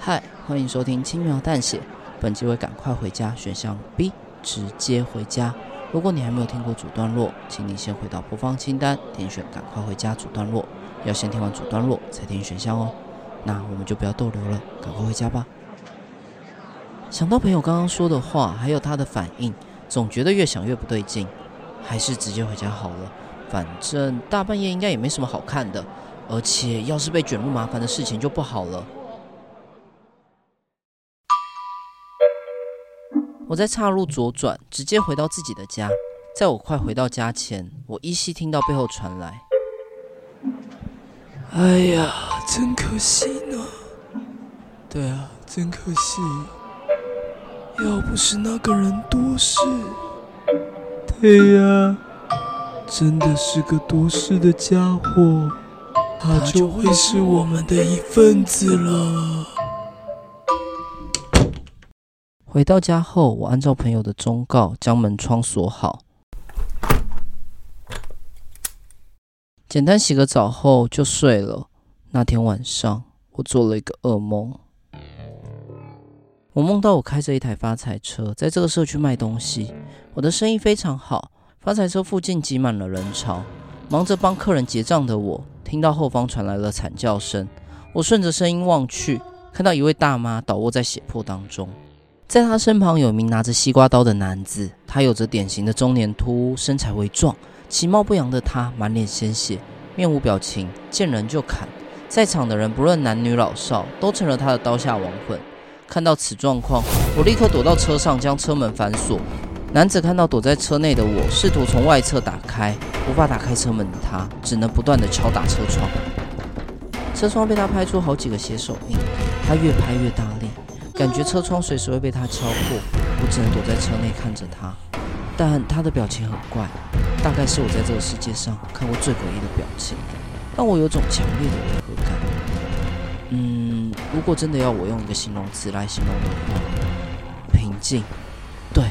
嗨，歡迎收聽輕描淡血。本期為趕快回家，選項 B 直接回家。如果你還沒有聽過主段落，請你先回到播放清單，點選趕快回家主段落。要先聽完主段落才聽選項哦。那我們就不要逗留了，趕快回家吧。想到朋友剛剛說的話，還有他的反應，總覺得越想越不對勁。還是直接回家好了，反正大半夜應該也沒什麼好看的，而且要是被捲入麻煩的事情就不好了。我在岔路左轉，直接回到自己的家。在我快回到家前，我依稀聽到背後傳來：“哎呀，真可惜呢。”“對啊，真可惜。要不是那個人多事。”“對呀，真的是個多事的家伙，他就會是我們的一份子了。”回到家後，我按照朋友的忠告，將門窗鎖好。簡單洗個澡後就睡了。那天晚上，我做了一個噩夢。我夢到我開着一台發財車，在這個社區賣東西，我的生意非常好。發財車附近擠滿了人潮，忙着幫客人結賬的我，聽到後方傳來了慘叫聲。我順着聲音望去，看到一位大媽倒臥在血泊當中。在他身旁有一名拿着西瓜刀的男子，他有着典型的中年禿，身材微壯，其貌不揚的他滿臉鮮血，面無表情，見人就砍。在場的人不論男女老少都成了他的刀下亡魂。看到此狀況，我立刻躲到車上，將車門反鎖。男子看到躲在車內的我，試圖從外側打開，無法打開車門的他只能不斷的敲打車窗，車窗被他拍出好幾個血手印，他越拍越大。感覺車窗隨時會被他敲破，我只能躲在車內看着他。但他的表情很怪，大概是我在這個世界上看過最詭異的表情，讓我有種強烈的違和感。嗯，如果真的要我用一個形容詞來形容的話，平靜。對，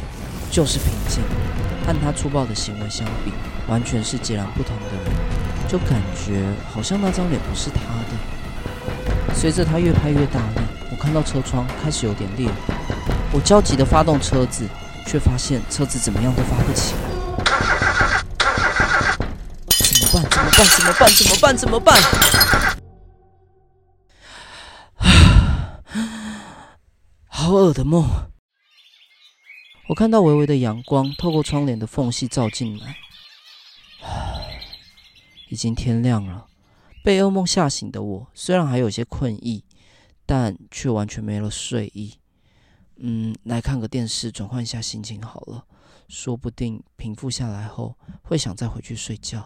就是平靜。和他粗暴的行為相比，完全是截然不同的人。就感覺好像那張臉不是他的。隨着他越拍越大力。我看到車窗開始有點裂，我焦急地發動車子，卻發現車子怎麼樣都發不起來。怎麼辦？怎麼辦？怎麼辦？怎麼辦？怎麼辦？啊！好惡的夢。我看到微微的陽光透過窗簾的縫隙照進來，已經天亮了。被噩夢嚇醒的我，雖然還有一些困意。但卻完全沒了睡意，嗯，來看個電視，轉換一下心情好了，說不定平復下來後會想再回去睡覺。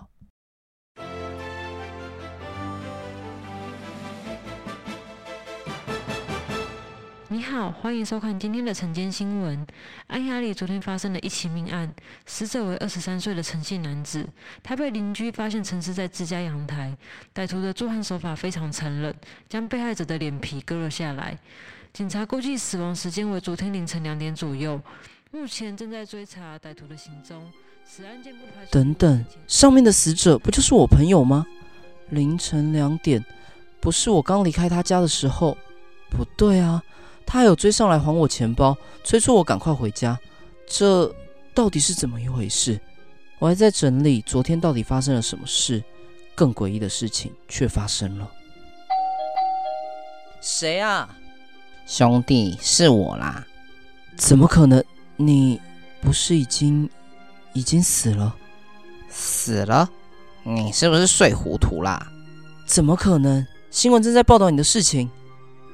你好，歡迎收看今天的晨間新聞。安雅里昨天發生了一起命案，死者為二十三歲的陳姓男子，他被鄰居發現陳屍在自家陽臺。歹徒的作案手法非常殘忍，將被害者的臉皮割了下來。警察估計死亡時間為昨天凌晨兩點左右，目前正在追查歹徒的行蹤。此案件不排除，等等，上面的死者不就是我朋友嗎？凌晨兩點，不是我剛離開他家的時候，不對啊。他還有追上來還我錢包，催促我趕快回家，這到底是怎麼一回事？我還在整理昨天到底發生了什麼事，更詭異的事情卻發生了。誰啊？兄弟，是我啦！怎麼可能？你不是已經已經死了？死了？你是不是睡糊塗啦？怎麼可能？新聞正在報道你的事情。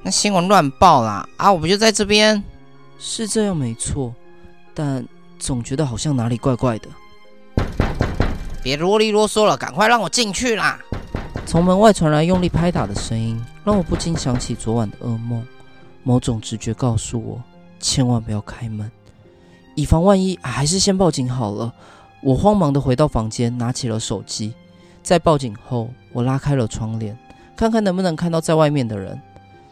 那新聞亂報啦！啊，我不就在這邊？是這樣沒錯，但總覺得好像哪裡怪怪的。別囉哩囉嗦了，趕快讓我進去啦！從門外傳來用力拍打的聲音，讓我不禁想起昨晚的噩夢。某種直覺告訴我，千萬不要開門，以防萬一，啊，還是先報警好了。我慌忙地回到房間，拿起了手機。在報警後，我拉開了窗簾，看看能不能看到在外面的人。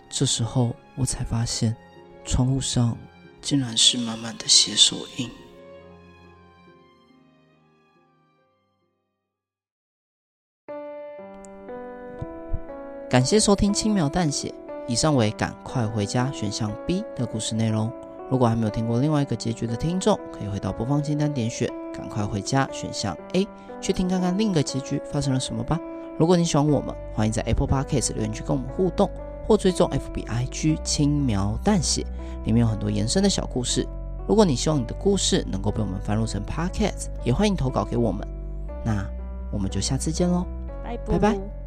這時候我才發現，窗戶上竟然是滿滿的血手印。感謝收聽《輕描淡血》，以上為“趕快回家”選項 B 的故事內容。如果還沒有聽過另外一個結局的聽眾，可以回到播放清單點選“趕快回家”選項 A 去聽看看另一個結局發生了什麼吧。如果你喜歡我們，歡迎在 Apple Podcast 留言區跟我們互動。或追蹤 FB、IG，輕描淡血，裡面有很多延伸的小故事。如果你希望你的故事能夠被我們翻錄成 podcast，也歡迎投稿給我們。那我們就下次見嘍，拜拜。拜拜。